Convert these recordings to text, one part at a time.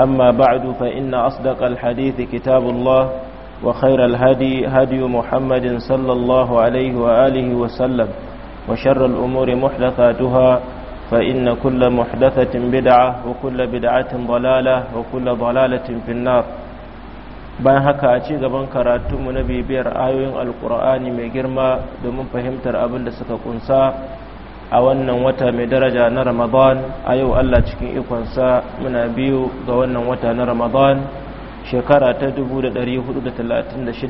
أما بعد فإن أصدق الحديث كتاب الله وخير الهدي هدي محمد صلى الله عليه وآله وسلم وشر الأمور محدثاتها فإن كل محدثة بدعة وكل بدعة ضلالة وكل ضلالة في النار bayan haka a ci gaban karatunmu na bibiyar ayoyin alkur'ani mai girma domin fahimtar abin da suka kunsa a wannan wata mai daraja na ramadan a yau allah cikin ikonsa muna biyu ga wannan wata na ramadan shekara ta 1436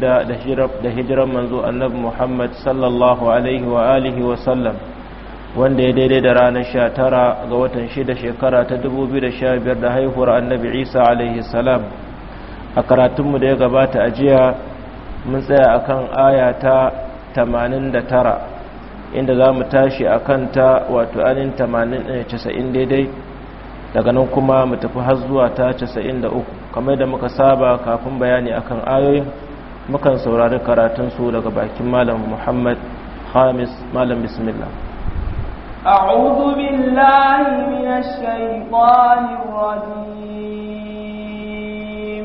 da hijiran manzo annabi muhammad sallallahu alaihi wa alihi wa sallam wanda ya daidai da ranar 19 ga watan 6 shekara ta 2015 da haihuwar annabi isa alaihi salam a karatunmu da ya gabata a jiya mun tsaya akan aya ta 89 inda za mu tashi a kanta wato anin 90 eh, daidai daga nan kuma mu tafi har zuwa ta 93 kamar da muka saba kafin bayani akan ayoyin mukan saurari karatunsu daga bakin malam muhammad Hamis, malam bismillah أعوذ بالله من الشيطان الرجيم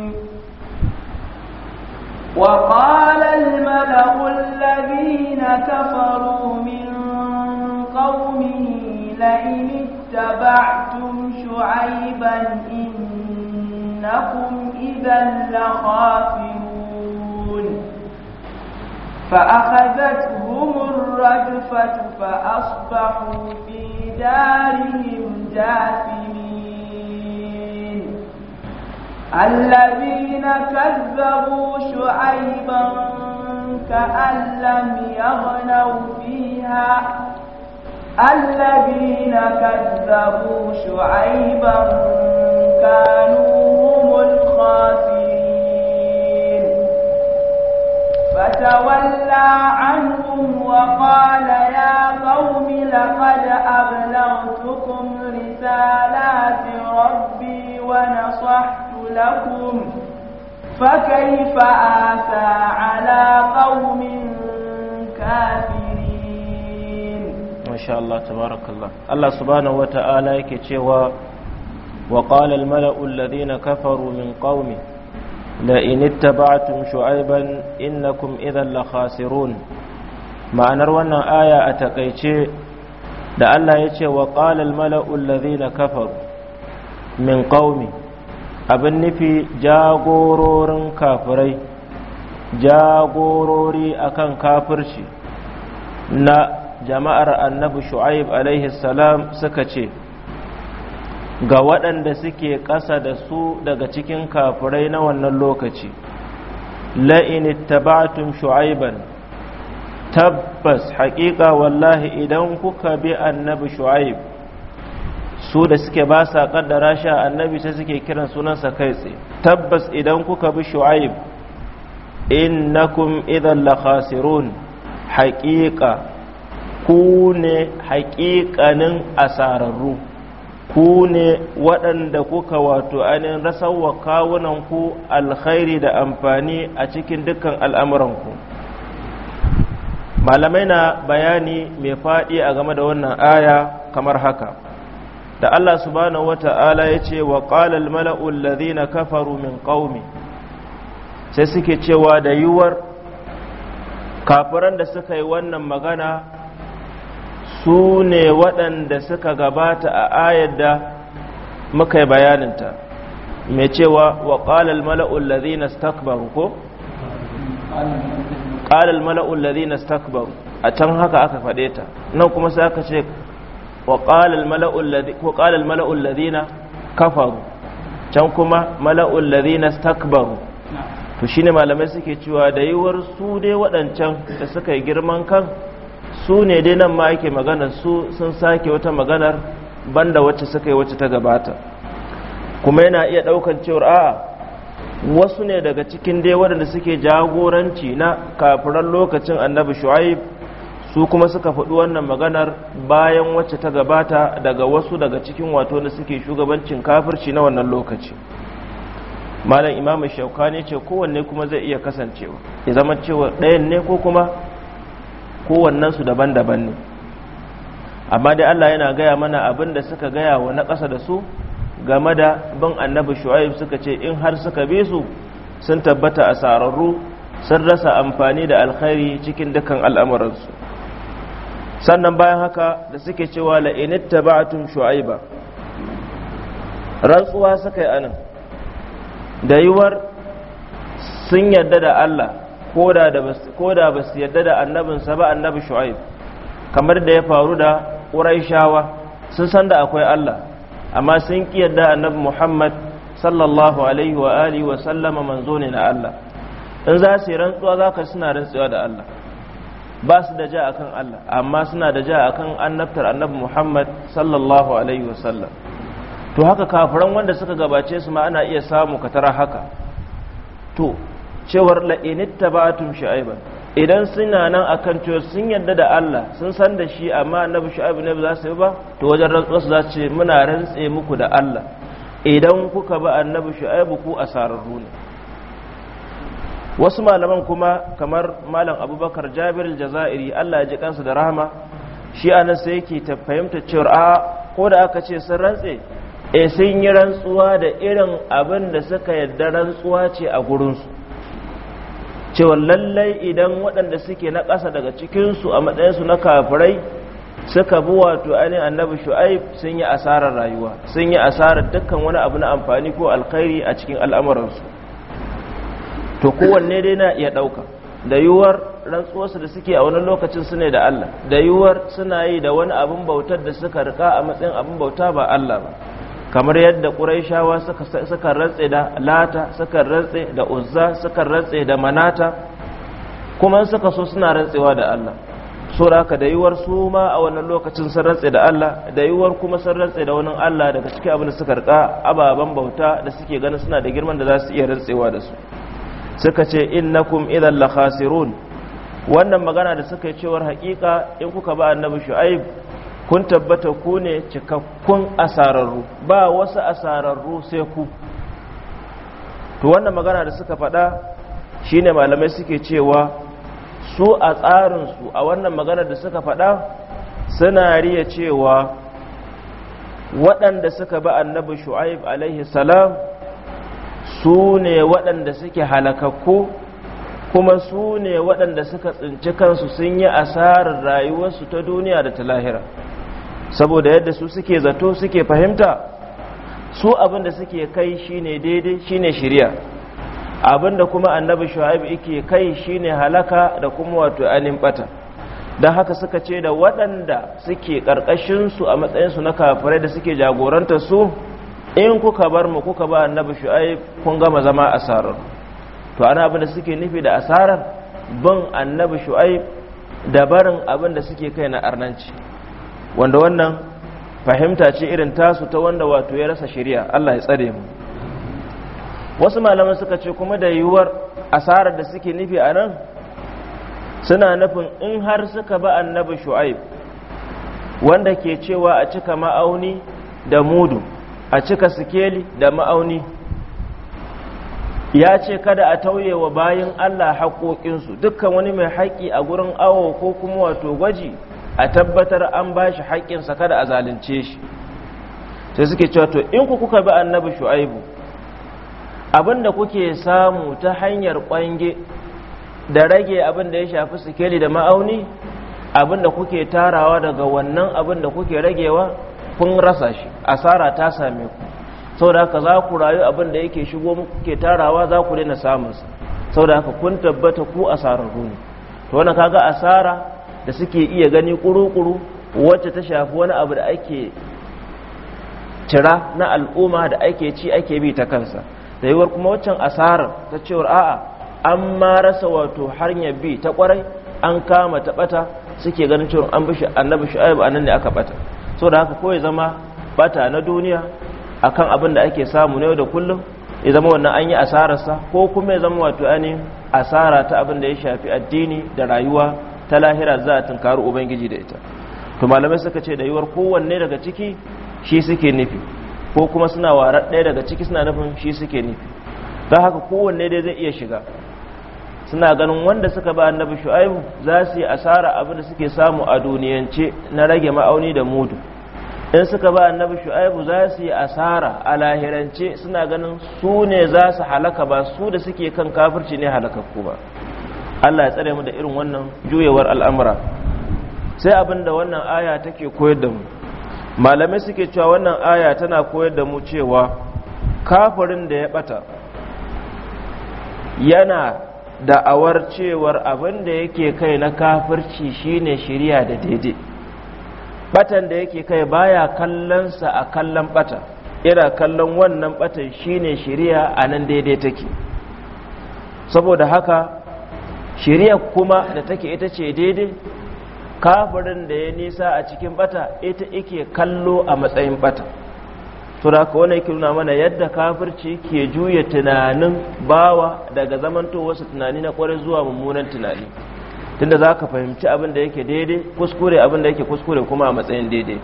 وقال الملأ الذين كفروا من لئن اتبعتم شعيبا إنكم إذا لخافرون فأخذتهم الرجفة فأصبحوا في دارهم جاثمين الذين كذبوا شعيبا كأن لم يغنوا فيها الذين كذبوا شعيبا كانوا هم الخاسرين فتولى عنهم وقال يا قوم لقد أبلغتكم رسالات ربي ونصحت لكم فكيف آسى على قوم كافرين masha Allah tabarakallah Allah subhanahu wata'ala yake cewa wa qala al mala'u alladhina kafaru min qaumi la in ittaba'tum shu'ayban innakum idhan la khasirun ma'anar wannan aya a takaice da Allah ya ce wa qala al mala'u alladhina kafaru min qaumi abin nufi jagororin kafirai jagorori akan kafirci na jama'ar annabi shu'aib alaihi salam suka ce ga waɗanda suke ƙasa da su daga cikin kafurai na wannan lokaci la'in tabatun shu'aiban tabbas haƙiƙa wallahi idan kuka bi annabi shu'aib su da suke ba sa ƙaddara shi annabi sai suke kiran sunansa kai tsaye tabbas idan kuka bi shu'aib innakum idan la khasirun haƙiƙa ku ne haƙiƙanin asararru ku ne waɗanda kuka wato ainihin rasarwa kawunanku alkhairi da amfani a cikin dukkan al'amuranku malamai na bayani mai faɗi a game da wannan aya kamar haka da Allah subhanahu ta'ala ya ce wa ƙalal mala'ul lazina kafaru min ƙaumi sai suke cewa da yiwuwar kafiran da suka yi wannan magana su ne waɗanda suka gabata a ayar da muka yi bayaninta mai cewa wa ƙalal mala'ul lazina stakbaru ko? ƙalal mala'ul lazina stakbaru a can haka aka faɗe ta nan kuma sai aka ce wa ƙalal mala'ul lazina kafaru can kuma mala'ul lazina stakbaru to shine malamai suke cewa da yiwuwar su ne waɗancan da suka yi girman kan su ne dai nan ma ake maganar su sun sake wata maganar banda wacce suka yi wacce ta gabata kuma yana iya daukan cewar a'a wasu ne daga cikin dai waɗanda suke jagoranci na kafiran lokacin annabi shu'aib su kuma suka faɗi wannan maganar bayan wacce ta gabata daga wasu daga cikin wato da suke shugabancin kafirci na wannan lokaci malam Imam shaukani ce kowanne kuma zai iya kasancewa ya zama cewa ɗayan ne ko kuma kowannensu daban-daban ne amma dai Allah yana gaya mana abin da suka gaya wa na ƙasa da su game da bin annabi shu'aib suka ce in har suka bi su sun tabbata a sararru sun rasa amfani da alkhairi cikin dukkan al'amuransu sannan bayan haka da suke cewa la'initta tun shu'aiba rantsuwa suka yi anan da yiwuwar sun yarda da Allah Koda basu ba su yadda da annabinsa ba annabi shu'aib kamar da ya faru da ƙuraishawa sun san da akwai Allah amma sun ƙi yadda annabi Muhammad sallallahu alaihi wa alihi wa sallama manzo ne na Allah in za su yi rantsuwa za ka suna rantsuwa da Allah ba su da ja kan Allah amma suna da ja akan annabtar annabi Muhammad sallallahu alaihi wa sallam to haka kafiran wanda suka gabace su ma ana iya samu katara haka to cewar la'initta ba tun sha'iban idan suna nan a kan sun yadda da Allah sun san da shi amma na bi sha'ibu ne za su yi ba to wajen rantsuwarsu za ce muna rantse muku da Allah idan kuka ba annabi sha'ibu ku asararru ne wasu malaman kuma kamar malam abubakar jabir jazairi Allah ya ji kansa da rahama shi anan sai yake ta fahimta cewa a ko da aka ce sun rantse e sun yi rantsuwa da irin abin da suka yadda rantsuwa ce a gurinsu cewa lallai idan waɗanda suke na ƙasa daga cikinsu a matsayinsu na kafirai suka bi wato ainihin annabi shu'aib sun yi asarar rayuwa sun yi asarar dukkan wani abu na amfani ko alkhairi a cikin al'amuransu to kowanne dai na iya ɗauka da yiwuwar rantsuwarsu da suke a wani lokacin su ne da Allah da yiwuwar suna yi da wani abin bautar da suka riƙa a matsayin abin bauta ba Allah ba kamar yadda ƙuraishawa suka rantse da lata suka rantse da uzza suka rantse da manata kuma suka so suna rantsewa da Allah saboda haka da yiwuwar su ma a wannan lokacin sun rantse da Allah da yiwuwar kuma sun rantse da wani Allah daga cikin abin da suka rika ababen bauta da suke ganin suna da girman da za su iya rantsewa da su suka ce innakum idan la khasirun wannan magana da suka yi cewar hakika in kuka ba annabi shu'aib kun tabbata ku ne cikakkun asararru ba wasu asararru sai ku to wannan magana da suka faɗa shine malamai suke cewa su a tsarinsu a wannan magana da suka faɗa suna riya cewa waɗanda suka bi annabi shu'aib alaihi salam su ne waɗanda suke halakakku kuma su ne waɗanda suka tsinci kansu sun yi asarar rayuwarsu ta duniya da ta lahira saboda yadda su suke zato suke fahimta su abin da suke kai shine daidai shine shirya abin da kuma annabi shu'aib yake kai shine halaka da kuma wato anin bata don haka suka ce da waɗanda suke su a matsayin su na kafirai da suke jagorantar su in kuka bar mu kuka ba annabi shu'aib kun gama zama asarar to ana abin da suke nufi da asarar bin annabi shu'aib da barin abin da suke kai na arnanci wanda wannan fahimta ce irin tasu ta wanda wato ya rasa shari'a Allah ya tsare mu wasu malaman suka ce kuma da yiwuwar asarar da suke nufi a nan suna nufin in har suka ba annabi shu'aib wanda ke cewa a cika ma'auni da mudu a cika sikeli da ma'auni ya ce kada a tauye wa bayan Allah haƙoƙinsu dukkan wani mai haƙi a gurin awo ko kuma wato gwaji a tabbatar an ba shi haƙƙinsa kada a zalunce shi sai suke cewa to in ku kuka bi annabi shu'aibu abinda kuke samu ta hanyar ƙwange da rage abin ya shafi sikeli da ma'auni abin kuke tarawa daga wannan abin da kuke ragewa kun rasa shi asara ta same ku Sau da haka za ku rayu abinda yake shigo muku kuke tarawa za ku daina samunsa da haka kun tabbata ku asararru ne to wani kaga asara da suke iya gani kuru-kuru wacce ta shafi wani abu da ake cira na al'umma da ake ci ake bi ta kansa da yiwuwar kuma waccan asarar ta cewar a'a an ma rasa wato hanyar bi ta kwarai an kama ta bata suke ganin cewar an bishi annabi shu'aib anan ne aka bata so da haka ko ya zama bata na duniya akan abin da ake samu na yau da kullum ya zama wannan an yi asararsa ko kuma ya zama wato ani asara ta abin da ya shafi addini da rayuwa ta lahira za a tunkari ubangiji da ita to malamai suka ce da yiwuwar kowanne daga ciki shi suke nufi ko kuma suna ware ɗaya daga ciki suna nufin shi suke nufi don haka kowanne dai zai iya shiga suna ganin wanda suka ba annabi shu'aibu za su yi asara abin da suke samu a duniyance na rage ma'auni da mudu in suka ba annabi shu'aibu za su yi asara a lahirance suna ganin su ne za su halaka ba su da suke kan kafirci ne halakakku ba Allah ya tsare mu da irin wannan juyewar al'amura sai abinda wannan aya take koyar da mu malamai suke cewa wannan aya tana koyar da mu cewa kafirin da ya bata yana da'awar cewar abin da yake kai na kafirci shine shiriya da daidai batan da yake kai baya kallon sa a kallon bata ira kallon wannan batan shine shiriya a nan daidai take saboda haka shari'a kuma da take ita ce daidai kafirin da ya nisa a cikin bata ita ike kallo a matsayin bata to da ka wannan yake nuna mana yadda kafirci ke juya tunanin bawa daga zamantowarsa tunani na kwarai zuwa mummunan tunani tunda za ka fahimci abin da yake daidai kuskure abin da yake kuskure kuma a matsayin daidai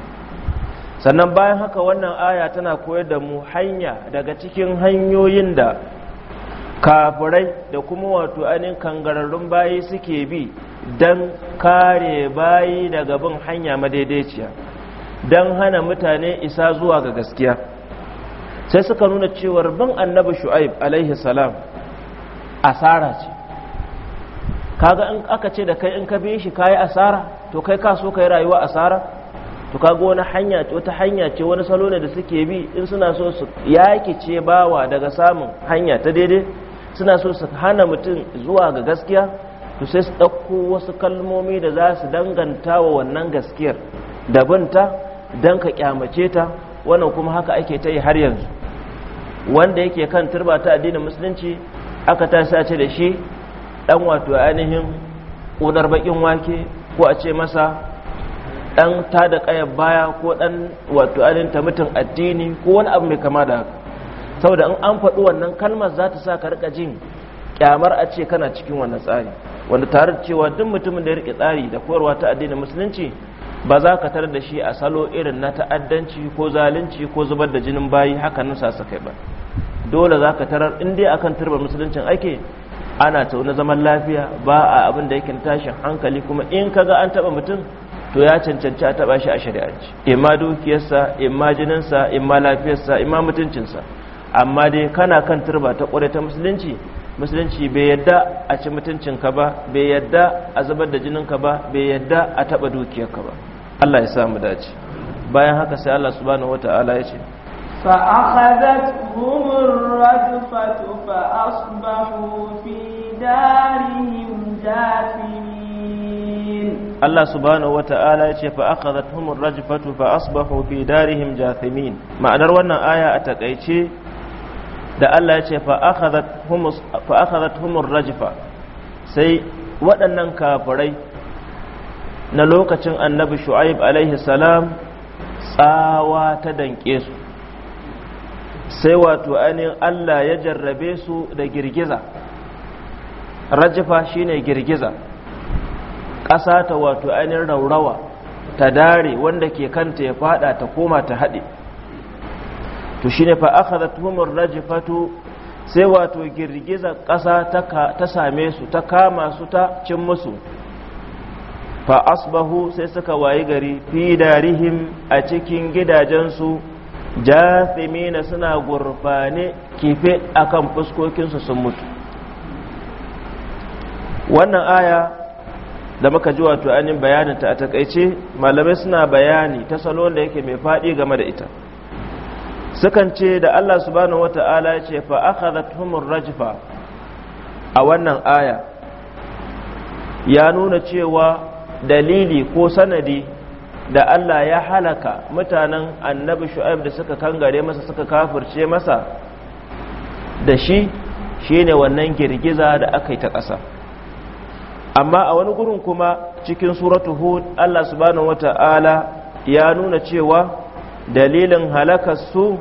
sannan bayan haka wannan aya tana koyar da mu hanya daga cikin hanyoyin da kafirai da kuma wato anin kangararrun bayi suke bi don kare bayi daga bin hanya madaidaiciya don hana mutane isa zuwa ga gaskiya sai suka nuna cewar bin annabi shu'aib alaihi salam asara ce kaga in aka ce da kai in ka bi shi kayi asara to kai ka so kai rayuwa asara to kaga wani hanya ce wata hanya ce wani salo ne da suke bi in suna so su yake ce bawa daga samun hanya ta daidai suna so su hana mutum zuwa ga gaskiya to sai su ɗauko wasu kalmomi da za su danganta wa wannan gaskiyar dabinta don ka ƙyamace ta wannan kuma haka ake ta yi har yanzu wanda yake kan turba ta addinin musulunci aka ta sace da shi dan wato ainihin ƙunar bakin wake ko a ce masa ɗan ta da ƙayar baya ko ɗan wato ainihin mutum addini ko wani abu mai kama da haka saboda in an faɗi wannan kalmar za ta sa ka rika jin kyamar a ce kana cikin wannan tsari wanda tare da cewa duk mutumin da ya rike tsari da koyarwa ta addinin musulunci ba za ka tar da shi a salo irin na ta'addanci ko zalunci ko zubar da jinin bayi haka nan sasa kai ba dole za ka tarar in dai akan turbar musuluncin ake ana tauna zaman lafiya ba a abin da yake tashin hankali kuma in ka ga an taba mutum to ya cancanci a taba shi a shari'arci imma dukiyarsa imma jininsa imma lafiyarsa imma mutuncinsa amma dai kana kan turba ta kware ta musulunci musulunci bai yadda a ci mutuncinka ba bai yadda a zubar da jinin ka ba bai yadda a taɓa dukiyar ka ba Allah ya samu dace bayan haka sai Allah subhanahu wata'ala ya ce fa akhadhat humur radfatu fa asbahu fi darihim jathimin Allah subhanahu wata'ala ya ce fa akhadhat humur rajfatu fa asbahu fi darihim jathimin ma'anar wannan aya a takaice da Allah ya ce fa akhadhat humur rajfa sai waɗannan kafirai na lokacin annabi shu'aib alaihi salam tsawa ta danƙe su sai wato ainihin Allah ya jarrabe su da girgiza rajfa shine girgiza ƙasa ta wato ainihin raurawa ta dare wanda ke kanta ya fada ta koma ta haɗe to shine fa akhadathumur rajfatu sai wato girgizar ƙasa ta same su ta kama su ta cin musu fa asbahu sai suka wayi gari fi darihim a cikin gidajensu jathimina suna gurfane kife akan fuskokinsu sun mutu wannan aya da muka ji wato ainihin bayaninta a takaice malamai suna bayani ta salon da yake mai faɗi game da ita sukan ce da Allah subhanahu wata'ala ya ce fa akhadhathumur rajfa a wannan aya ya nuna cewa dalili ko sanadi da Allah ya halaka mutanen annabi shu'aib da suka kangare masa suka kafirce masa da shi shine wannan girgiza da aka yi ta ƙasa amma a wani gurin kuma cikin suratu hud Allah subhanahu wata'ala ya nuna cewa dalilin su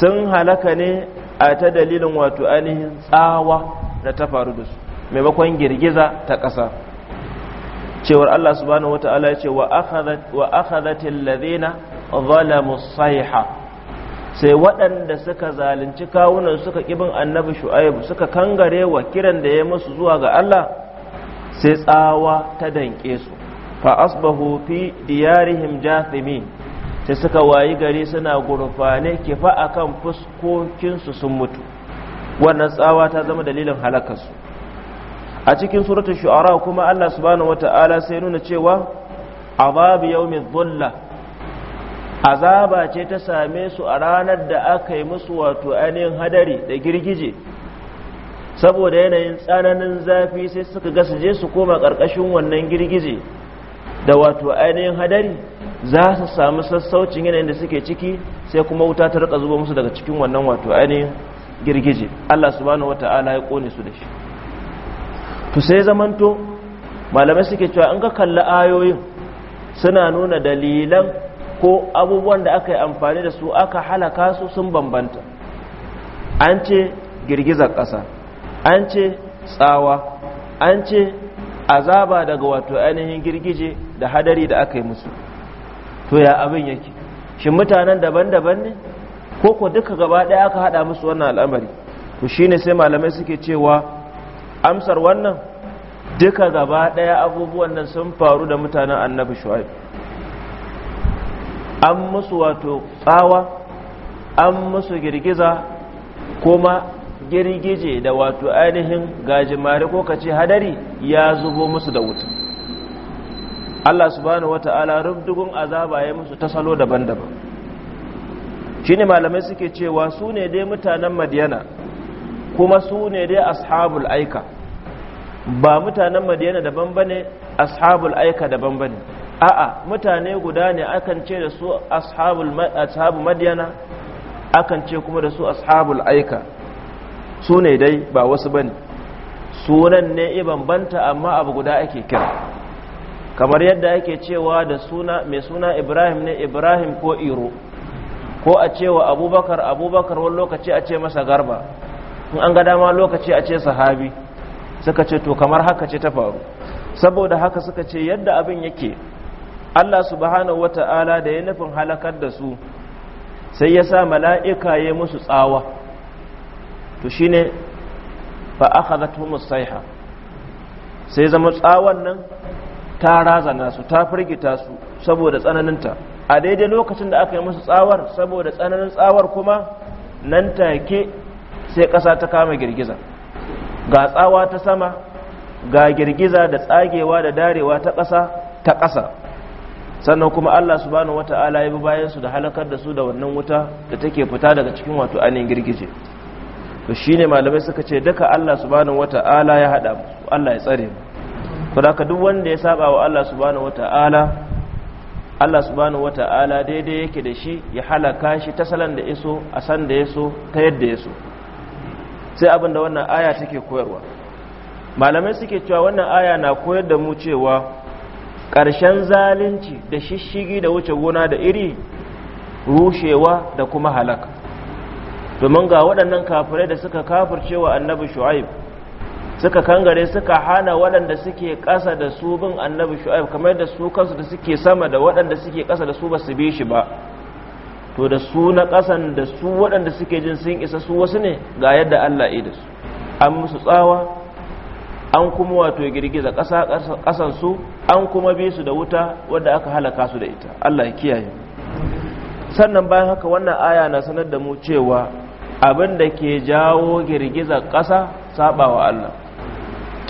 sun halaka ne a ta dalilin wato ainihin tsawa da ta faru da su maimakon girgiza ta ƙasa cewar Allah subhanahu wata'ala ya ce wa akhadhatil Ladina zalamu sayha sai waɗanda suka zalunci kawunan suka kibin annabi Shu'aibu, suka kangare wa kiran da ya musu zuwa ga Allah sai tsawa ta danke su fa asbahu fi diyarihim jathimin sai suka wayi gari suna gurfane kifa kan fuskokinsu sun mutu wannan tsawa ta zama dalilin halakarsu a cikin suratul shu'ara kuma Allah subhanahu wata'ala sai nuna cewa azab yawmiz dhulla azaba ce ta same su a ranar da aka yi musu wato ainihin hadari da girgije saboda yanayin tsananin zafi sai suka ga su su koma ƙarƙashin wannan girgije da wato ainihin hadari za su samu sassaucin yanayin da suke ciki sai kuma wuta ta rika zuba musu daga cikin wannan wato ainihin girgije Allah subhanahu wata'ala ya kone su da shi to sai zamanto malamai suke cewa in ka kalla ayoyin suna nuna dalilan ko abubuwan da aka yi amfani da su aka halaka su sun bambanta an ce girgizar ƙasa an ce tsawa an ce azaba daga wato ainihin girgije da hadari da aka yi musu to ya abin yake shin mutanen daban-daban ne ko ko duka gaba ɗaya aka haɗa musu wannan al'amari to shine sai malamai suke cewa amsar wannan duka gaba ɗaya abubuwan nan sun faru da mutanen annabi shu'aib an musu wato tsawa an musu girgiza kuma girgije da wato ainihin gajimare ko kace hadari ya zubo musu da wuta Allah subhanahu wata'ala rubdugun azaba ya musu ta salo daban-daban shine malamai suke cewa su ne dai mutanen Madiyana kuma su ne dai ashabul aika ba mutanen Madiyana daban bane ashabul aika daban bane a'a mutane guda ne akan ce da su ashabul ashabu Madiyana akan ce kuma da su ashabul aika su ne dai ba wasu bane sunan ne i bambanta amma abu guda ake kira kamar yadda ake cewa da suna mai suna ibrahim ne ibrahim ko iro ko a cewa abubakar abubakar wani lokaci a ce masa garba in an ga dama lokaci a ce sahabi suka ce to kamar haka ce ta faru saboda haka suka ce yadda abin yake allah subhanahu wata'ala da ya nufin halakar da su sai ya sa mala'ika ya musu tsawa to shine fa aka musaiha sai zama tsawon nan ta razana su ta firgita su saboda tsananinta a daidai lokacin da aka yi musu tsawar saboda tsananin tsawar kuma nan take sai ƙasa ta kama girgiza ga tsawa ta sama ga girgiza da tsagewa da darewa ta ƙasa ta ƙasa sannan kuma Allah subhanahu wata'ala ya bi bayan su da halakar da su da wannan wuta da take fita daga cikin wato ainihin girgije to shine malamai suka ce duka Allah subhanahu wata'ala ya hada musu Allah ya tsare mu to duk wanda ya saba wa Allah subhanahu wata'ala Allah subhanahu wata'ala daidai yake da shi ya halaka shi ta salan da iso a san da yaso ta yadda yaso sai abinda wannan aya take koyarwa malamai suke cewa wannan aya na koyar da mu cewa ƙarshen zalunci da shishigi da wuce gona da iri rushewa da kuma halaka domin ga waɗannan kafirai da suka kafircewa annabi shu'aib suka kangare suka hana waɗanda suke ƙasa da su bin annabi shu'aib kamar da su kansu da suke sama da waɗanda suke ƙasa da su ba su bi shi ba to da su na ƙasan da su waɗanda suke jin sun isa su wasu ne ga yadda Allah ya da su an musu tsawa an kuma wato girgiza ƙasa ƙasan su an kuma bi su da wuta wadda aka halaka su da ita Allah ya kiyaye sannan bayan haka wannan aya na sanar da mu cewa abin da ke jawo girgizar ƙasa wa Allah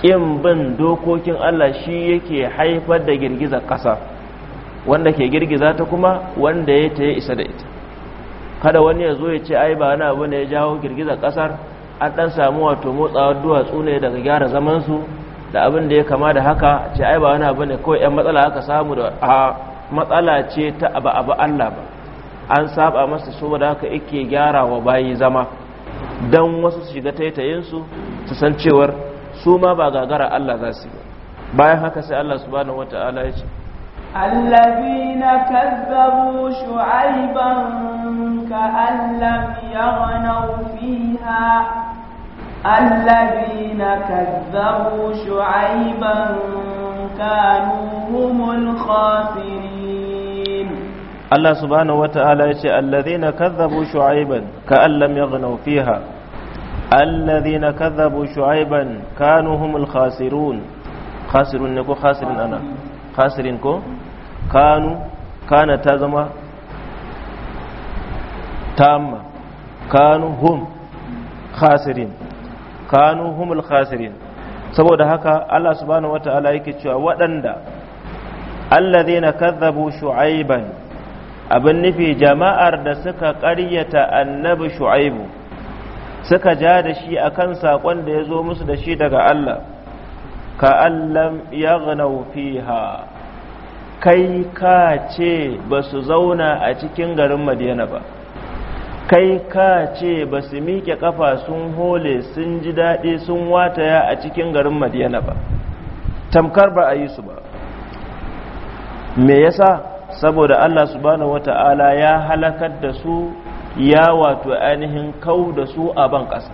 ƙin bin dokokin Allah shi yake haifar da girgiza ƙasa wanda ke girgiza ta kuma wanda ya ta isa da ita kada wani ya zo ya ce ai ba wani abu ne ya jawo girgizar ƙasar an ɗan samu wato motsawar duwatsu ne daga gyara zamansu da abin da ya kama da haka ce ai ba wani abu ne kawai 'yan matsala aka samu da a matsala ce ta abu abu Allah ba an saba masa saboda haka yake gyara wa bayi zama don wasu shiga shiga taitayinsu su san cewar su ma ba gagara Allah za su yi bayan haka sai Allah subhanahu wataala ya ce الذين كذبوا شعيبا كأن لم يغنوا فيها الذين كذبوا شعيبا كانوا هم الخاسرين الله سبحانه وتعالى يقول الذين كذبوا شعيبا كأن لم يغنوا فيها الذين كذبوا شعيبا كانوا هم الخاسرون خاسرون نكو خاسرين أنا خاسرين كو كانوا كان تزما تام كانوا هم خاسرين كانوا هم الخاسرين saboda haka Allah subhanahu wata'ala yake cewa waɗanda allazina kazzabu shu'aiban abin nufi jama'ar da suka ƙaryata annabi shu'aibu suka ja da shi a kan saƙon da ya zo musu da shi daga Allah Ka Allah yaghnau fiha kai ka ce ba su zauna a cikin garin madina ba kai ka ce ba su miƙe ƙafa sun hole sun ji daɗi sun wataya a cikin garin madina ba tamkar ba a yi su ba me yasa saboda Allah subhanahu wata'ala ya halakar da su ya wato ainihin kau da su a ban ƙasa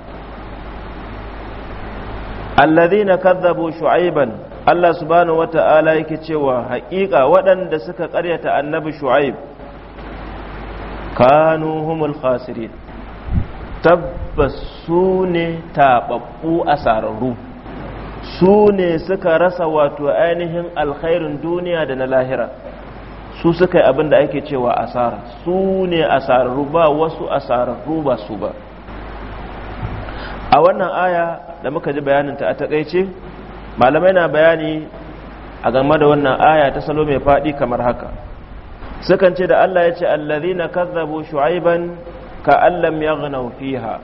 na kadzabu shu'aiban Allah subhanahu wata'ala yake cewa haƙiƙa waɗanda suka ƙaryata annabi shu'aib kanu humul khasirin tabbas su ne taɓaɓɓu a sararru su ne suka rasa wato ainihin alkhairin duniya da na lahira su suka yi abin da ake cewa asara su ne asararru ba wasu asararru ba su ba a wannan aya da muka ji bayaninta a takaice malamai na bayani a game da wannan aya ta salo mai faɗi kamar haka sukan ce da Allah ya ce allazi na kazzabu shu'aiban ka allam ya fiha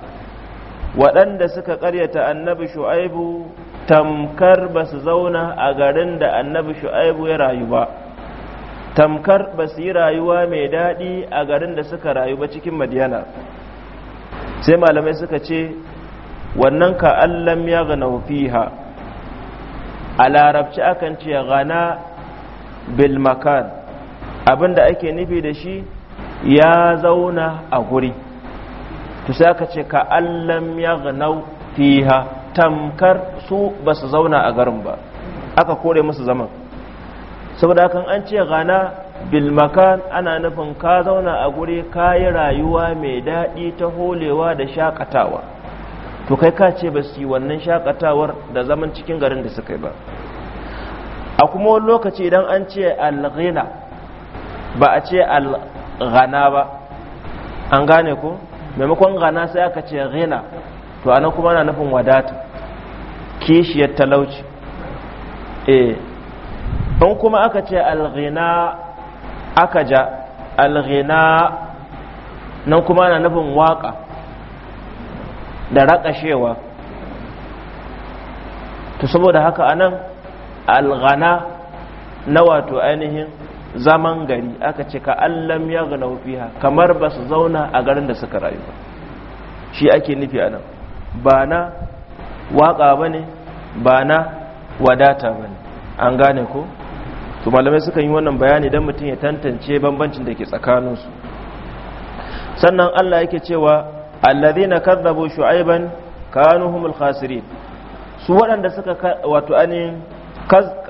waɗanda suka karyata annabi shu'aibu tamkar ba su zauna a garin da annabi shu'aibu ya rayu ba tamkar ba su yi rayuwa mai daɗi a garin da suka rayu ba cikin madiyana sai malamai suka ce wannan ka allam ya gana fiha a larabci akan ce gana bilmakan abinda ake nufi da shi ya zauna a guri to sai aka ce ka allam ya gana fiha tamkar su ba su zauna a garin ba aka kore musu zaman saboda kan an ce gana bilmakan ana nufin ka zauna a guri ka yi rayuwa mai daɗi ta holewa da shakatawa to kai ka ce ba su wannan shakatawar da zaman cikin garin da suka yi ba a kuma wani lokaci idan an ce alghina ba a ce alghana ba an gane ko maimakon gana sai aka ce ghina to ana kuma ana nufin wadata kishiyar talauci eh in kuma aka ce alghina aka ja alghina nan kuma na nufin waka da raƙashewa to saboda haka anan alghana na wato ainihin zaman gari aka ce ka allam ya gana fiha kamar ba su zauna a garin da suka rayu ba shi ake nufi a nan ba na waƙa ba ne ba na wadata ba ne an gane ko to malamai suka yi wannan bayani don mutum ya tantance bambancin da ke tsakaninsu sannan allah yake cewa allazi na kazzabo shu'aiban kanu humul khasirin su waɗanda suka wato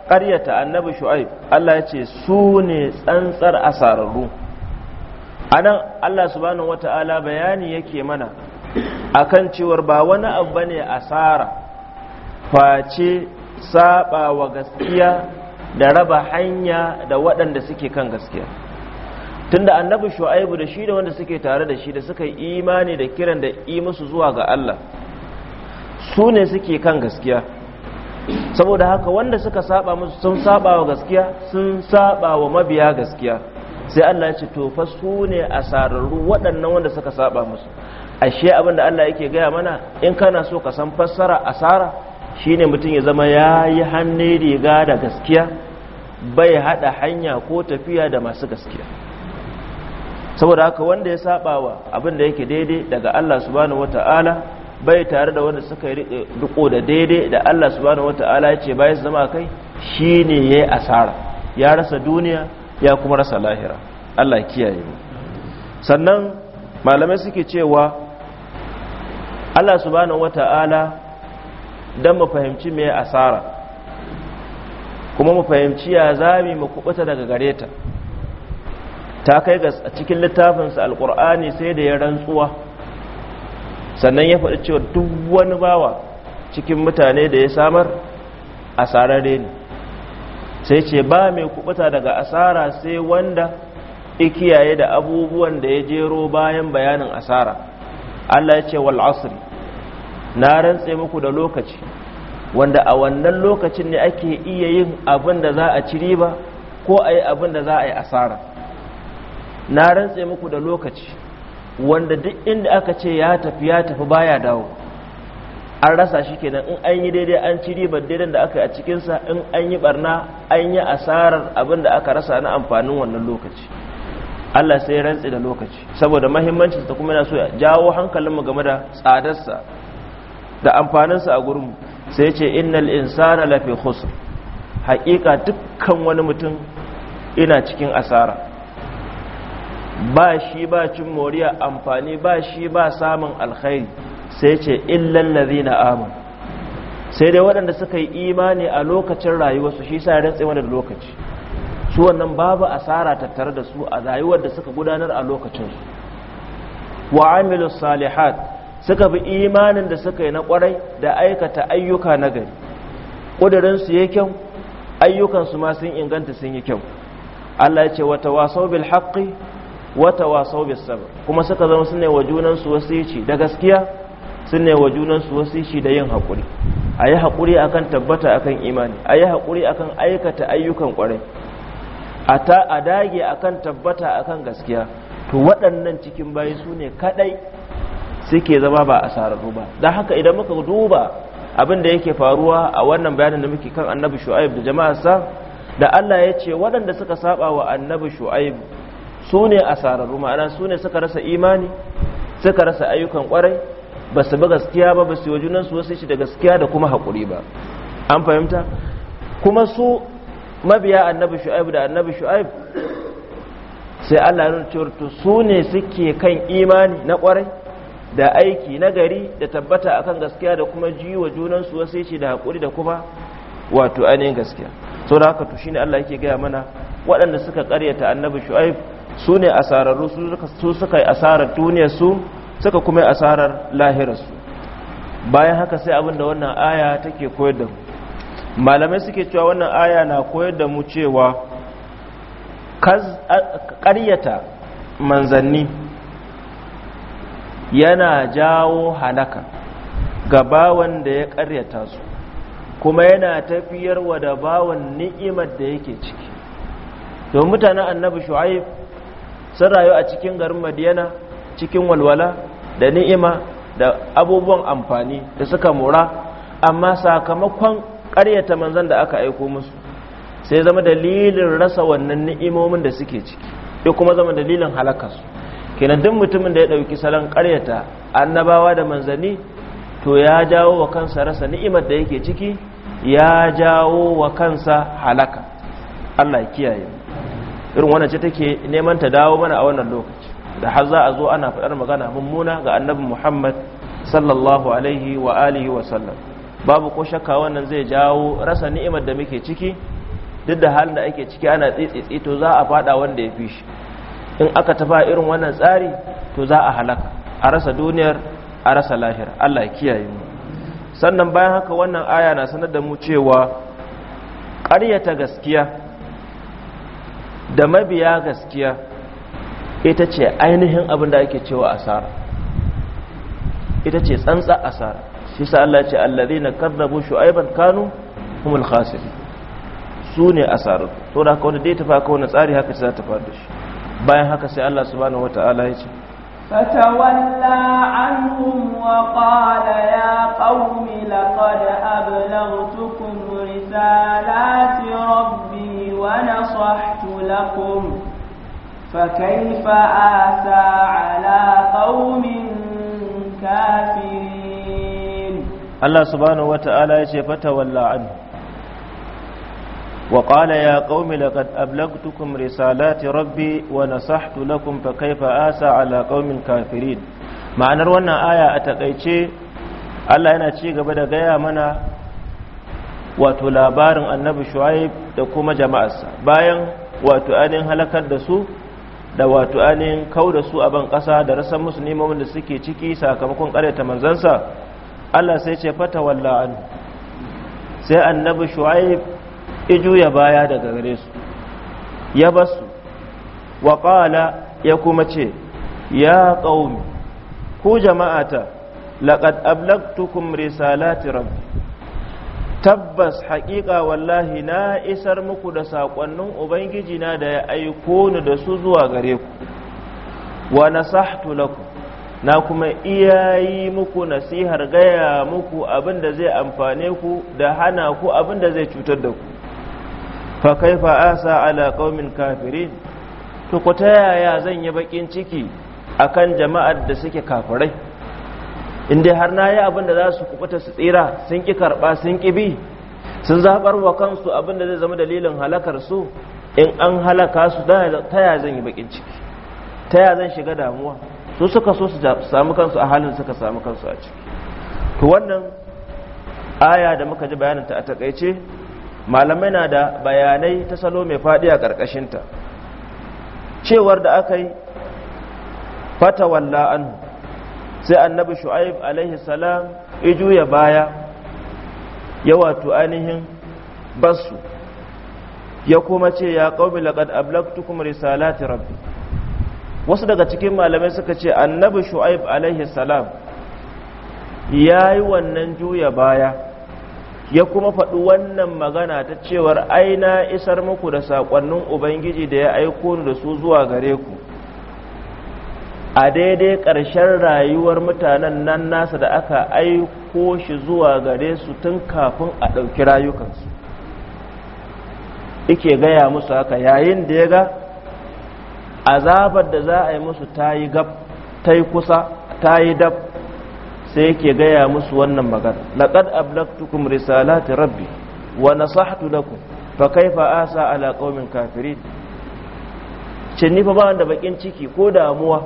karyata annabi shu'aib allah ya ce su ne tsantsar asararru a nan allah subhanahu wata'ala bayani yake mana akan cewar ba wani abu bane asara face saba wa gaskiya da raba hanya da waɗanda suke kan gaskiya tunda annabi shu'aibu da shi da wanda suke tare da shi da suka yi imani da kiran da yi musu zuwa ga Allah su ne suke kan gaskiya saboda haka wanda suka saba musu sun saba wa gaskiya sun saba wa mabiya gaskiya sai Allah ya ce to fa su ne asararru waɗannan wanda suka saba musu ashe abinda Allah yake gaya mana in kana so ka san fassara asara Shi ne mutum ya zama ya yi hannun riga da gaskiya bai hada hanya ko tafiya da masu gaskiya saboda haka wanda ya saba wa abinda yake daidai daga Allah subhanahu wataala bai tare da wanda suka yi duko da daidai da Allah subhanahu wataala ya ce bai zama kai Shi ne ya yi asara ya rasa duniya ya kuma rasa lahira Allah kiyaye mu sannan malamai suke cewa Allah subhanahu wataala don mu fahimci me asara kuma mu fahimci ya zami mu kubuta daga gare ta ta kai ga cikin littafinsa alkur'ani sai da ya rantsuwa sannan ya faɗi cewa duk wani bawa cikin mutane da ya samar asararre ne sai ce ba mai kubuta daga asara sai wanda ikiyaye da abubuwan da ya jero bayan bayanin asara Allah ya ce wal asri na rantse muku da lokaci wanda a wannan lokacin ne ake iya yin abin da za a ci riba ko a yi abin da za a yi asara na rantse muku da lokaci wanda duk inda aka ce ya tafi ya tafi baya dawo an rasa shi kenan in an yi daidai an ci riba daidan da aka yi a cikinsa in an yi barna an yi asarar abin da aka rasa na amfanin wannan lokaci Allah sai rantse da lokaci saboda mahimmancinsa kuma yana so ya jawo hankalinmu game da tsadarsa da amfaninsa a gurin sai ce innal insana lafi khusr haƙiƙa dukkan wani mutum ina cikin asara ba shi ba cin moriya amfani ba shi ba samun alkhairi sai ce illal ladina amu. sai dai waɗanda suka yi imani a lokacin rayuwarsu shi sa rantsi wani lokaci su wannan babu asara tattare da su a rayuwar da suka gudanar a lokacinsu wa amilu salihat suka bi imanin da suka yi na kwarai da aikata ayyuka na gari ƙudurinsu ya kyau ayyukansu ma sun inganta sun yi kyau Allah ya ce wata wasau bil wata wasau bil sabar kuma suka zama ne wa junansu wasu ci da gaskiya ne wa junansu wasu ci da yin haƙuri A yi haƙuri akan tabbata akan imani a yi haƙuri akan aikata ayyukan kwarai a ta a dage akan tabbata akan gaskiya to waɗannan cikin bayi su ne kaɗai suke zama ba a sararru ba Da haka idan muka duba abin da yake faruwa a wannan bayanin da muke kan annabi shu'aib da jama'arsa da Allah ya ce waɗanda suka saba wa annabi shu'aib su ne a sararru ma'ana su ne suka rasa imani suka rasa ayyukan kwarai ba su bi gaskiya ba ba su yi junan su wasu shi da gaskiya da kuma haƙuri ba an fahimta kuma su mabiya annabi shu'aib da annabi shu'aib sai Allah ya nuna cewa su ne suke kan imani na kwarai da aiki na gari da tabbata akan gaskiya da kuma ji wa junansu wasu ce da haƙuri da kuma wato ainihin gaskiya sau da haka to ne Allah yake gaya mana waɗanda suka ƙaryata annabi shu'aib su ne asararru su suka yi asarar duniyarsu suka kuma yi asarar lahirarsu bayan haka sai abin da wannan aya take koyar da mu malamai suke cewa wannan aya na koyar da mu cewa ƙaryata manzanni yana jawo halaka ga bawan da ya karyata su kuma yana tafiyar wa da bawan ni'imar da yake ciki don mutanen annabi shu'aib sun rayu a cikin garin madiyana cikin walwala da ni'ima da abubuwan amfani da suka mura amma sakamakon karyata manzan da aka aiko musu sai zama dalilin rasa wannan ni'imomin da suke ciki ya kuma zama dalilin halakarsu kenan duk mutumin da ya ɗauki salon ƙaryata annabawa da manzani to ya jawo wa kansa rasa ni'imar da yake ciki ya jawo wa kansa halaka Allah ya kiyaye irin wannan ce take neman ta dawo mana a wannan lokaci da har za a zo ana faɗar magana mummuna ga annabi Muhammad sallallahu alaihi wa alihi wa sallam babu ko shakka wannan zai jawo rasa ni'imar da muke ciki duk da halin da ake ciki ana tsitsitsi to za a faɗa wanda ya fi shi in aka tafa irin wannan tsari to za a halaka a rasa duniyar a rasa lahir Allah ya kiyaye mu sannan bayan haka wannan aya na sanar da mu cewa ta gaskiya da mabiya gaskiya ita ce ainihin abin da ake cewa asara ita ce tsantsa asara shi sa Allah ce allazina kazzabu shu'aiban kanu humul khasirin su ne asarar to da haka wanda dai tafi aka tsari haka za ta faru da shi bayan haka sai Allah subhanahu wata'ala ya ce فتولى عنهم وقال يا قوم لقد أبلغتكم رسالات ربي ونصحت لكم فكيف آسى على قوم كافرين الله سبحانه وتعالى يتفتولى عنهم وقال يا قوم لقد أبلغتكم رسالات ربي ونصحت لكم فكيف آسى على قوم كافرين ma'anar wannan aya a takaice Allah yana ci gaba da gaya mana wato labarin annabi shu'aib da kuma jama'arsa bayan wato anin halakar da su da wato anin kau da su a ban ƙasa da rasan musu nemomin da suke ciki sakamakon ƙaryata manzansa Allah sai ce fata walla an sai annabi shu'aib ya juya baya daga gare su ya basu wa ƙala ya kuma ce ya ƙaumi ku jama'ata laqad ablagtukum risalati rabbi tabbas haƙiƙa wallahi na isar muku da saƙonnin ubangiji na da ya aiko ni da su zuwa gare ku wa nasahtu lakum na kuma iya yi muku nasihar gaya muku abin da zai amfane ku da hana ku abin da zai cutar da ku fa kaifa asa ala qaumin kafirin to ku ta yaya zan yi bakin ciki akan jama'ar da suke kafirai in har na yi abin da za su kubuta su tsira sun ki karba sun ki bi sun zabar wa kansu abin da zai zama dalilin halakar su in an halaka su ta yaya zan yi bakin ciki ta yaya zan shiga damuwa su suka so su samu kansu a halin suka samu kansu a ciki to wannan aya da muka ji bayanin ta a takaice malamai na da bayanai ta salo mai faɗi a ƙarƙashinta cewar da aka yi fata la'an sai annabi shu'aib alaihi salam juya baya ya wato ainihin basu ya kuma ce ya qaumi laqad ablagtukum risalati rabbi wasu daga cikin malamai suka ce annabi shu'aib alaihi salam yi wannan juya baya ya kuma faɗi wannan magana ta cewar aina isar muku da saƙonnin ubangiji da ya aiko ni da su zuwa gare ku a daidai ƙarshen rayuwar mutanen nan nasa da aka aiko shi zuwa gare su tun kafin a ɗauki rayukansu ike gaya musu haka yayin da ya ga azabar da za a yi musu ta yi gab ta yi kusa ta yi dab sai yake gaya musu wannan magana laqad ablaqtukum risalati rabbi wa nasahtu lakum fa kaifa asa ala qaumin kafirin cin ni fa ba wanda bakin ciki ko damuwa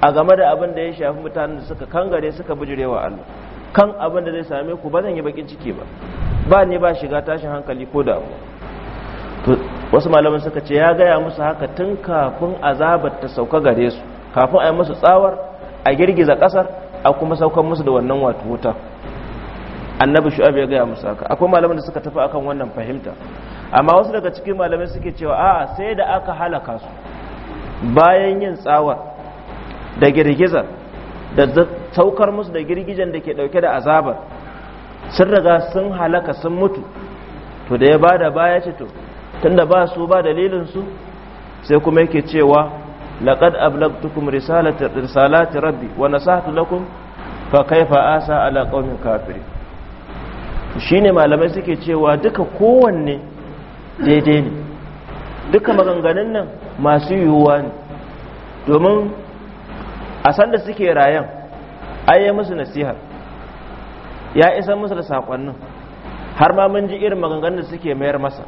a game da abin da ya shafi mutanen da suka kangare suka bijirewa Allah kan abin da zai same ku ba zan yi bakin ciki ba ba ne ba shiga tashin hankali ko damuwa wasu malaman suka ce ya gaya musu haka tun kafin azabar ta sauka gare su kafin a yi musu tsawar a girgiza ƙasar. a kuma saukan musu da wannan wato wuta annabi shu'ab ya gaya musu haka akwai malamai da suka tafi akan wannan fahimta amma wasu daga cikin malamai suke cewa a'a sai da aka halaka su bayan yin tsawar da girgizar da saukar musu da girgijen da ke dauke da azabar sun riga sun halaka sun mutu to da ya bada baya ce to tunda ba su ba dalilin su sai kuma yake cewa laqad ablagtukum risalati risalati rabbi wa nasahtu lakum fa kaifa asa ala qaumin kafirin shine malamai suke cewa duka kowanne daidai ne duka maganganun nan masu yiwuwa ne domin a sanda suke rayan ayi musu nasiha ya isa musu da saƙonnin har ma mun ji irin maganganun da suke mayar masa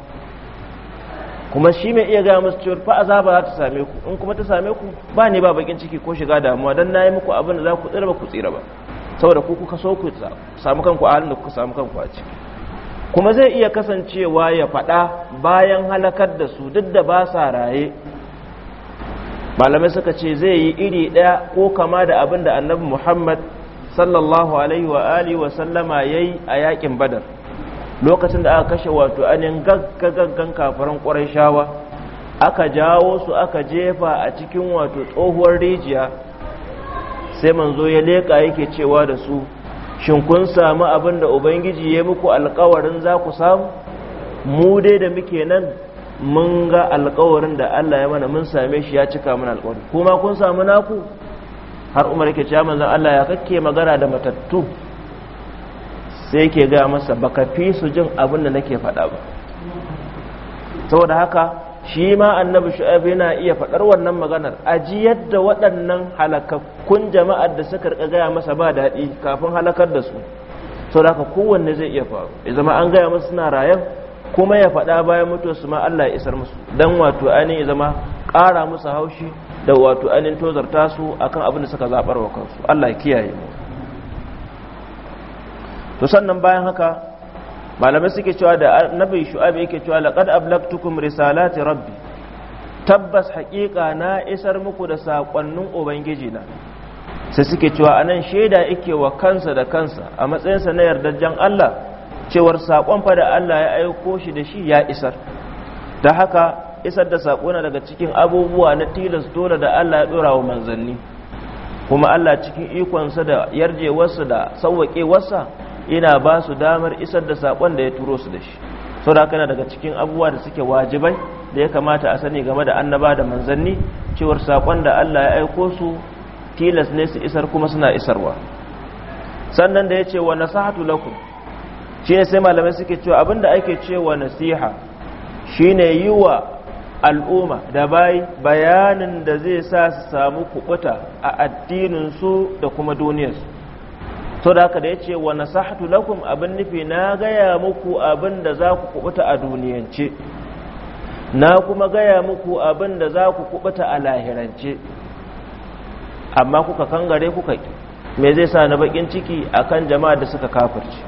kuma shi mai iya gaya musu cewar fa'aza ba za ta same ku in kuma ta same ku ba ne ba bakin ciki ko shiga damuwa dan nayi muku abin da za ku tsira ba ku tsira ba saboda ku kuka so ku samu kanku a halin da kuka samu kanku a ciki kuma zai iya kasancewa ya faɗa bayan halakar da su duk da ba sa raye malamai suka ce zai yi iri ɗaya ko kama da abin da annabi muhammad sallallahu alaihi wa alihi wa sallama ya yi a yaƙin badar lokacin da aka kashe wato anin gaggagaggan kafaran ƙwarai shawa aka jawo su aka jefa a cikin wato tsohuwar rijiya sai manzo ya leƙa yake cewa da su shin kun samu abin da ubangiji ya muku alkawarin za ku samu mu dai da muke nan mun ga alkawarin da Allah ya mana mun same shi ya cika mana alƙawari kuma kun samu naku har umar yake cewa manzon Allah ya kakke magana da matattu sai yake gaya masa baka fi su jin abin da nake faɗa ba saboda haka shi ma annabi shu'aib yana iya faɗar wannan maganar aji yadda waɗannan halakakkun jama'ar da suka rika gaya masa ba daɗi kafin halakar da su saboda haka kowanne zai iya faru ya zama an gaya masa suna rayan kuma ya faɗa bayan su ma Allah ya isar musu dan wato ainihin ya zama ƙara musu haushi da wato ainihin tozarta su akan abin da suka zaɓar wa kansu Allah ya kiyaye mu to sannan bayan haka malamai suke cewa da nabi shu'aib yake cewa laqad ablaqtukum risalati rabbi tabbas haqiqa na isar muku da sakonnin ubangiji na sai suke cewa anan shaida yake wa kansa da kansa a matsayinsa na yardajjan Allah cewar saƙon fa da Allah ya aiko shi da shi ya isar ta haka isar da sako na daga cikin abubuwa na tilas dole da Allah ya ɗora wa manzanni kuma Allah cikin ikonsa da yarjewarsa da wasa ina ba su damar isar da sakon da ya turo su da shi saboda daga cikin abubuwa da suke wajibai da ya kamata a sani game da annaba da manzanni cewar sakon da Allah ya aiko su tilas ne su isar kuma suna isarwa sannan da ya ce wa nasihatu lakum shine sai malamai suke cewa abinda ake cewa nasiha shine yiwa al'umma da bai bayanin da zai sa su samu kuɓuta a addinin su da kuma duniyarsu so da haka da ya ce wa nasahatu lakum abin nufi na gaya muku abin da za ku kubuta a duniyance na kuma gaya muku abin da za ku kubuta a lahirance amma kuka kangare kuka ki me zai sa na bakin ciki akan jama'a da suka kafirce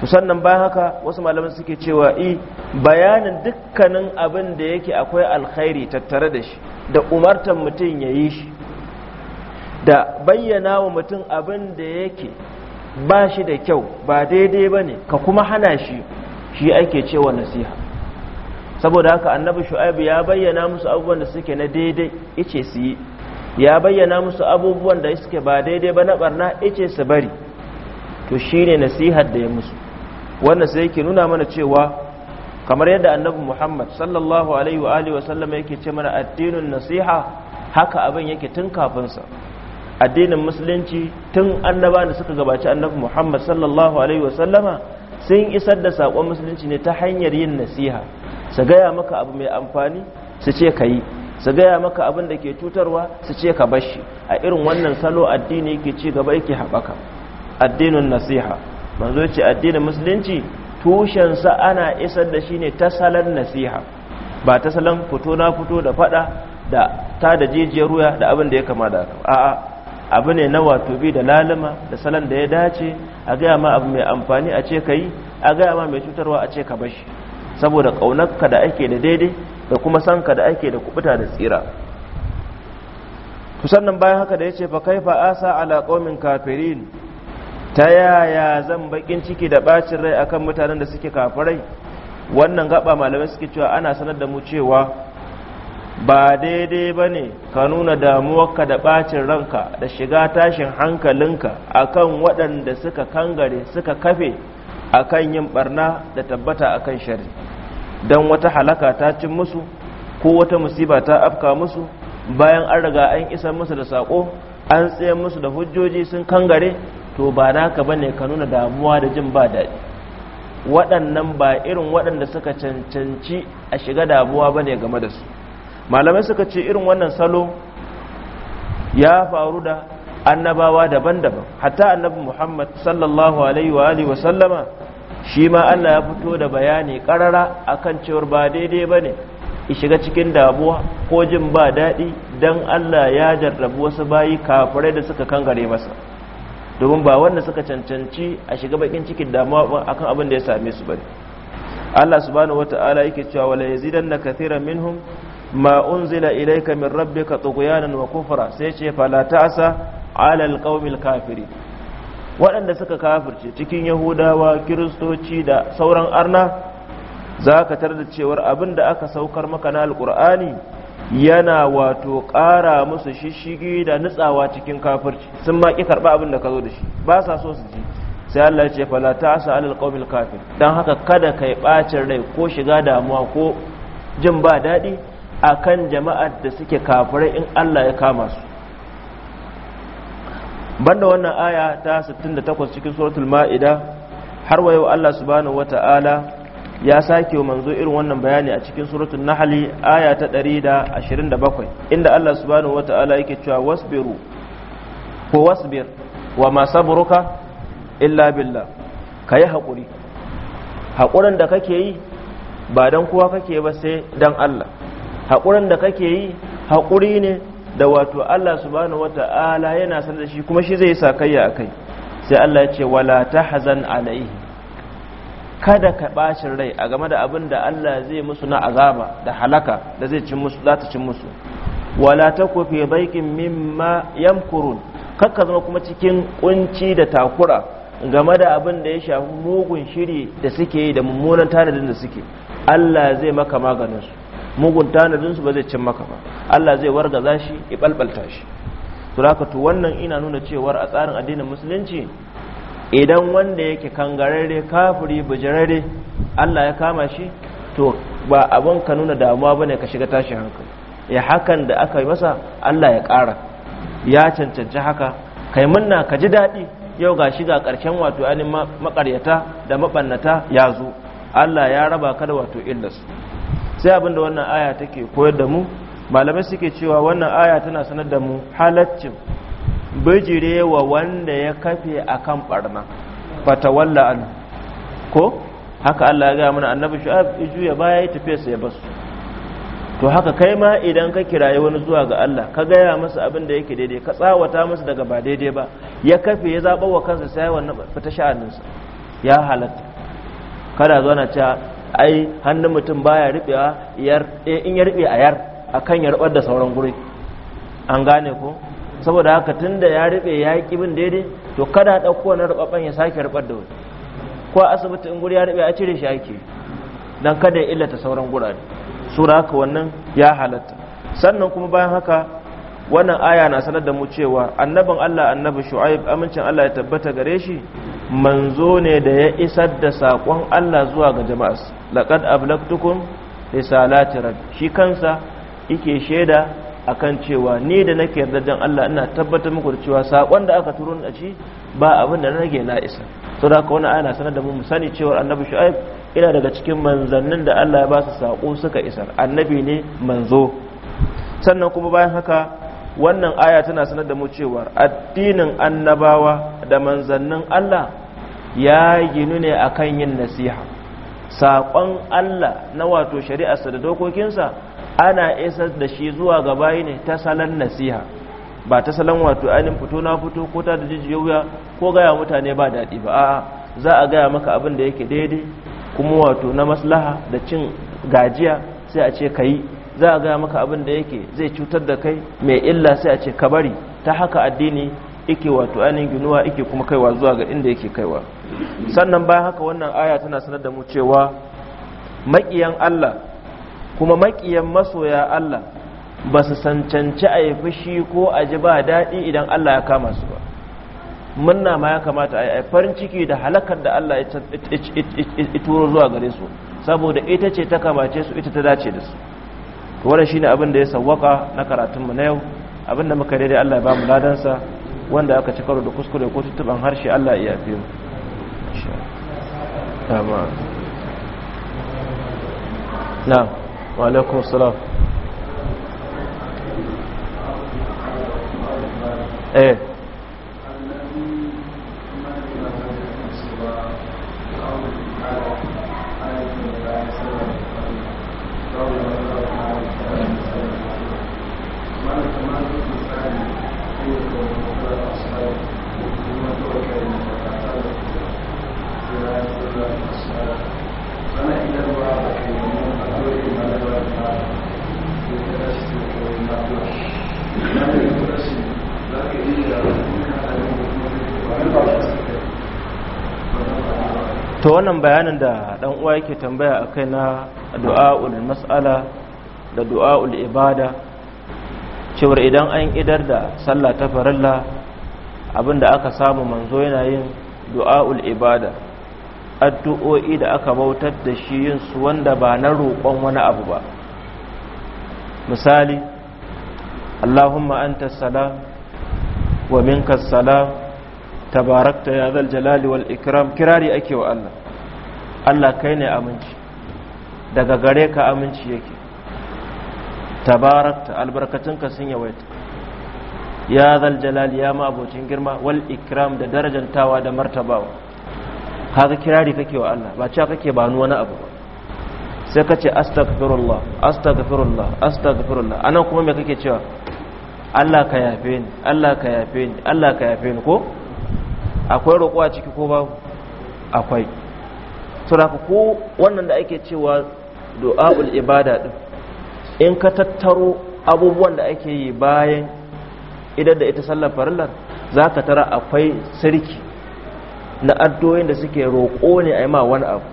to sannan bayan haka wasu malaman suke cewa i bayanin dukkanin abin da yake akwai alkhairi tattare da shi da umartan mutum ya yi shi da bayyana wa mutum abin da yake ba shi da kyau ba daidai ba ne ka kuma hana shi shi ake cewa nasiha saboda haka annabi shu'aibu ya bayyana musu abubuwan da suke na daidai ice su yi ya bayyana musu abubuwan da suke ba daidai ba na barna ice su bari to shi ne nasihar da ya musu wannan sai yake nuna mana cewa kamar yadda annabi muhammad sallallahu alaihi wa alihi wa sallam yake ce mana addinin nasiha haka abin yake tun kafinsa addinin musulunci tun annaba da suka gabaci annabi Muhammad sallallahu alaihi wasallama sun isar da sakon musulunci ne ta hanyar yin nasiha su gaya maka abu mai amfani su ce ka yi su gaya maka abin da ke cutarwa su ce ka bashi a irin wannan salo addini yake ci gaba yake haɓaka addinin nasiha manzo ce addinin musulunci tushensa ana isar da shi ne ta salon nasiha ba ta salon fito na fito da faɗa da ta da jijiyar ruya da abin da ya kama da a'a abu ne na wato bi da lalama da salon da ya dace a gaya ma abu mai amfani a ce ka yi a gaya ma mai cutarwa a ce ka bashi saboda ƙaunarka da ake da daidai da kuma sanka da ake da kubuta da tsira sannan bayan haka da ya ce fa kai fa asa ala qaumin kafirin ta yaya zan baƙin ciki da bacin rai akan mutanen da suke kafirai wannan gaba malamai suke cewa ana sanar da mu cewa ba daidai ba ne ka nuna damuwarka da ɓacin ranka da shiga tashin hankalinka akan waɗanda suka kangare suka kafe akan yin barna da tabbata akan shari don wata halaka ta cin musu ko wata musiba ta afka musu bayan an riga an isa musu da saƙo an tsaye musu da hujjoji sun kangare to ba naka ba ne ka nuna damuwa da jin ba daɗi waɗannan ba irin waɗanda suka cancanci a shiga damuwa ba ne game da su malamai suka ce irin wannan salo ya faru da annabawa daban-daban hatta annabi muhammad sallallahu alaihi wa alihi wa sallama shi ma allah ya fito da bayani karara akan cewar ba daidai ba ne shiga cikin damuwa ko jin ba daɗi don allah ya jarrabu wasu bayi kafirai da suka kangare masa domin ba wanda suka cancanci a shiga bakin cikin damuwa ba akan abin da ya same su bane Allah subhanahu wata'ala yake cewa wala yazidanna kathiran minhum ma unzila ilayka min rabbika tughyanan wa kufra sai ce fala ta'sa ala alqaumil kafiri waɗanda suka kafirce cikin yahudawa kiristoci da sauran arna zaka tarda cewar abinda aka saukar maka na alqur'ani yana wato ƙara musu shishigi da nutsawa cikin kafirci sun ma ƙi karɓa abin da ka da shi ba sa so su ji sai Allah ya ce fala ta'sa alal alqaumil kafir dan haka kada kai bacin rai ko shiga damuwa ko jin ba daɗi akan jama'ar da suke kafirai in Allah ya kama su banda wannan aya ta 68 cikin suratul ma'ida har wayo Allah subhanahu wata'ala ya sake manzo irin wannan bayani a cikin suratul nahli aya ta 127 inda Allah subhanahu wata'ala yake cewa wasbiru ko wasbir wa ma sabruka illa billah kayi hakuri hakurin da kake yi ba dan kowa kake ba sai dan Allah haƙurin da kake yi haƙuri ne da wato Allah subhanahu wata'ala yana sanar da shi kuma shi zai sa a kai sai Allah ya ce wala tahzan alaihi kada ka bacin rai a game da abin da Allah zai musu na azaba da halaka da zai cin musu za ta cin musu wala taku fi dhaikin mimma yamkurun kakka zama kuma cikin kunci da takura game da abin da ya shafi mugun shiri da suke yi da mummunan tanadin da suke Allah zai maka maganin su mugun tanadinsu ba zai cin maka ba Allah zai wargaza shi ya balbalta shi to wannan ina nuna cewar a tsarin addinin musulunci idan wanda yake kangararre kafuri bujirare Allah ya kama shi to ba abin ka nuna damuwa ba ne ka shiga tashin hankali ya hakan da aka yi masa Allah ya ƙara ya cancanci haka kai munna ka ji daɗi yau ga shiga ƙarshen wato ainihin maƙaryata da maɓannata ya zo Allah ya raba ka da wato illas sai abinda wannan aya take koyar da mu malamai suke cewa wannan aya tana sanar da mu halaccin bijirewa wanda ya kafe akan barna fatawalla an ko haka Allah ya ga mana annabi shu'ab ya baya ya tafi sai ya basu to haka kai ma idan ka kiraye wani zuwa ga Allah ka gaya masa abin da yake daidai ka tsawata masa daga ba daidai ba ya kafe ya zaɓa wa kansa sai wannan fita sha'aninsa ya halatta kada zo na cewa ai hannun mutum baya rubewa yar eh, in ya rube a yar akan ya rubar da sauran guri an gane ko saboda haka tunda ya rube ya yi kibin daidai to kada dauko na rubaban ya sake rubar da wani ko asibiti in guri ya rube a cire shi ake dan kada ya illata sauran gurare sura haka wannan ya halatta sannan kuma bayan haka wannan aya na sanar da mu cewa annabin Allah annabi Shu'aib amincin Allah ya tabbata gare shi manzo ne da ya isar da sakon Allah zuwa ga jama'as laqad ablaqtukum risalati rabbi shi kansa yake shaida akan cewa ni da nake yarda dan Allah ina tabbatar muku da cewa sakon da aka turo a ci ba abin da nake na isa saboda haka wannan aya na sanar da mu mu sani cewa annabi Shu'aib ina daga cikin manzannin da Allah ya ba su sako suka isar annabi ne manzo sannan kuma bayan haka wannan aya tana sanar da mu cewa addinin annabawa da manzannin Allah ya ginu ne akan yin nasiha saƙon Allah na wato shari'arsa da dokokinsa ana isar da shi zuwa gaba bayi ne ta salon nasiha ba ta salon wato ainihin fito na fito ko ta da jijiyoyi ko gaya mutane ba daɗi ba a'a za a gaya maka abin da yake daidai kuma wato na maslaha da cin gajiya sai a ce ka yi za a gaya maka abin da yake zai cutar da kai mai illa sai a ce ka bari ta haka addini ike wato ainihin ginuwa ike kuma kaiwa zuwa ga inda yake kaiwa sannan bayan haka wannan aya tana sanar da mu cewa maƙiyan Allah kuma maƙiyan masoya Allah ba su sancanci a yi fushi ko a ji ba daɗi idan Allah ya kama su ba munna ma ya kamata a yi farin ciki da halakar da Allah ya turo zuwa gare su saboda ita ce ta kamace su ita ta dace da su to wannan shine abin da ya sawwaka na karatun mu na yau abin da muka daidai Allah ya ba mu ladansa wanda aka ci karo da kuskure ko tutuban harshe Allah ya yafe mu ta wannan bayanin da dan uwa yake tambaya akai na du'a'ul mas'ala da du'a'ul ibada cewar idan an idar da sallah ta farilla Abin da aka samu manzo yana yin du'a'ul ibada addu'o'i da aka bautar da shi yin su wanda ba na roƙon wani abu ba misali Allahumma anta salam wa minka salam tabarakta ya zal jalali wal ikram kirari ake wa Allah Allah kai ne aminci daga gare ka aminci yake tabarakta albarkatunka sun yawaita ya zal jalal ya ma abocin girma wal ikram da darajantawa da martabawa ga kirari kake wa Allah ba cewa kake ba nu wani abu ba sai ka ce astaghfirullah astaghfirullah astaghfirullah anan kuma me kake cewa Allah ka yafe ni Allah ka yafe ni Allah ka yafe ni ko akwai roƙo a ciki ko ba akwai suraka ko wannan da ake cewa du'a'ul ibada din in ka tattaro abubuwan da ake yi bayan idan da ita sallar farillar za ka tara akwai sarki na addoyin da suke roƙo ne a yi ma wani abu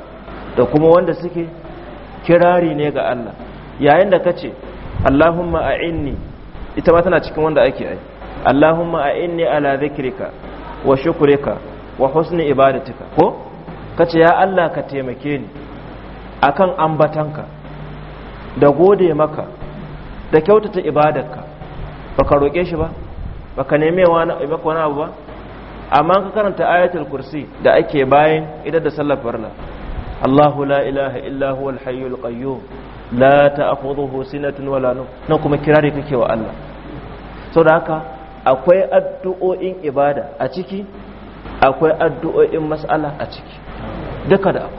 da kuma wanda suke kirari ne ga Allah yayin da ka ce Allahumma a inni ita ma tana cikin wanda ake ai Allahumma a inni ala zikirka wa shukurika wa husni ibadatika ko ka ce ya Allah ka taimake ni akan ambatanka da gode maka da kyautata ibadarka ka roƙe shi ba baka neme wani abu ba amma ka karanta ayatul kursi da ake bayan idan da sallar farla Allahu la ilaha illa al hayyul qayyum la ta'khudhuhu sinatun wala nawm nan kuma kirari kake wa Allah saboda haka akwai addu'o'in ibada a ciki akwai addu'o'in mas'ala a ciki duka da abu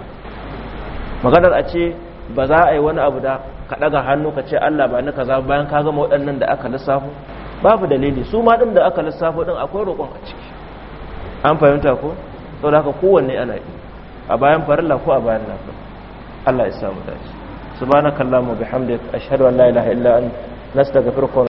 maganar a ce ba za a yi wani abu da ka daga hannu ka ce Allah ba ni kaza bayan ka gama waɗannan da aka lissafo babu dalili su ma din da aka lissafo din akwai roƙon a ciki an fahimta ko sau da haka kowanne ana yi a bayan farilla ko a bayan nafi Allah ya samu dace subhanakallahumma bihamdika ashhadu an la ilaha illa daga firkon